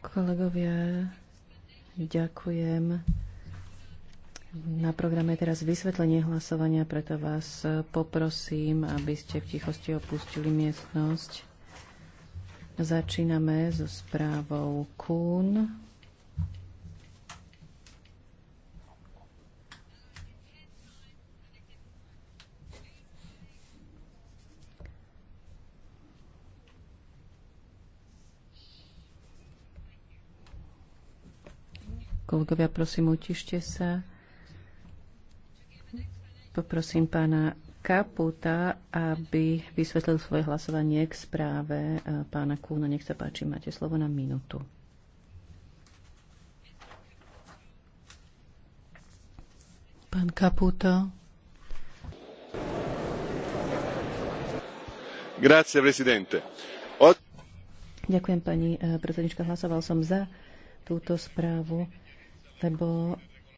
Kolegovia, ďakujem. Na programe je teraz vysvetlenie hlasovania, preto vás poprosím, aby ste v tichosti opustili miestnosť. Začíname so správou Kuhn. Kolegovia, prosím, utište sa. Poprosím pána Kaputa, aby vysvetlil svoje hlasovanie k správe e, pána Kúna. Nech sa páči, máte slovo na minútu. Pán Kaputo. Grazie, presidente. Ďakujem, pani e, predsednička. Hlasoval som za túto správu lebo